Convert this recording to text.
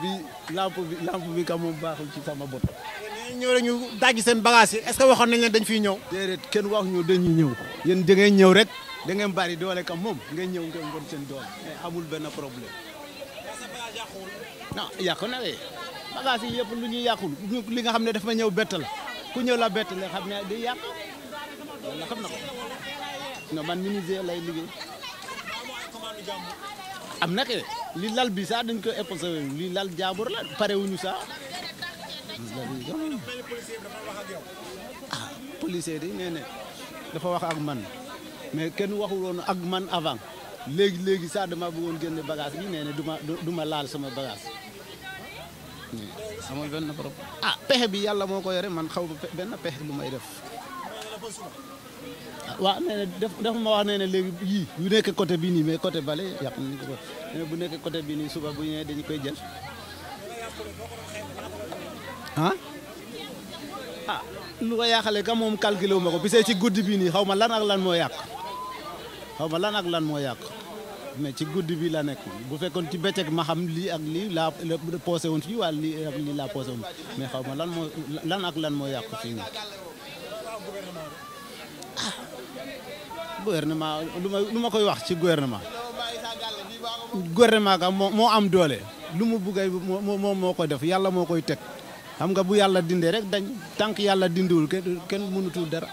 bi lampe bi lampe bi ka ci sama bopp. ñëw rek ñu daj seen bagage yi est-ce que waxoon nañ leen dañ fiy ñëw. déedéet kenn wax ñu dañuy ñëw. yéen da ngeen ñëw rek da ngeen bari doole kam moom ngeen ñëw ngeen bon seen doole mais amul benn problème. non yàqu na de bagage yi yëpp lu ñuy yàqul li nga xam ne ma ñëw bett la ku ñëw la bett la xam ne day yàq wala xam na ko non man ministère lay liggéey am na li lal bi sax dañ ko épousé li lal jaabur la pare wuñu sax ah policier yi nee ne dafa wax ak man mais kenn waxu woon ak man avant léegi léegi sax dama bëggoon génne bagage bi nee ne duma duma laal sama bagage sama benn problème ah pexe bi yàlla moo ko yore man xaw benn pexe lu may def waaw nee na def ma wax nee na léegi yii bu nekk côté bii nii mais côté bale yàq nañ ko nee bu nekk côté bii nii suba bu ñëwee dañu koy jël ah, ah lu ko yàqale ka moom calculé wu ma ko bisee ci guddi bii nii xaw ma lan ak lan moo yàq xaw ma lan lan moo yàq mais ci guddi bi la nekk bu fekkoon ci bëccëg ma xam lii ak lii laa posé woon fii wala lii ak lii laa posé mais xaw ma lan moo lan ak lan moo yàq fii nii ah, gouvernement lu ma lu ma koy wax ci gouvernement gouvernement ka moo moo am doole lu mu buggay moo moom moo koy def yàlla moo koy teg xam nga bu yàlla dindee rek dañ tànk yàlla dindiwul kenn mënutul dara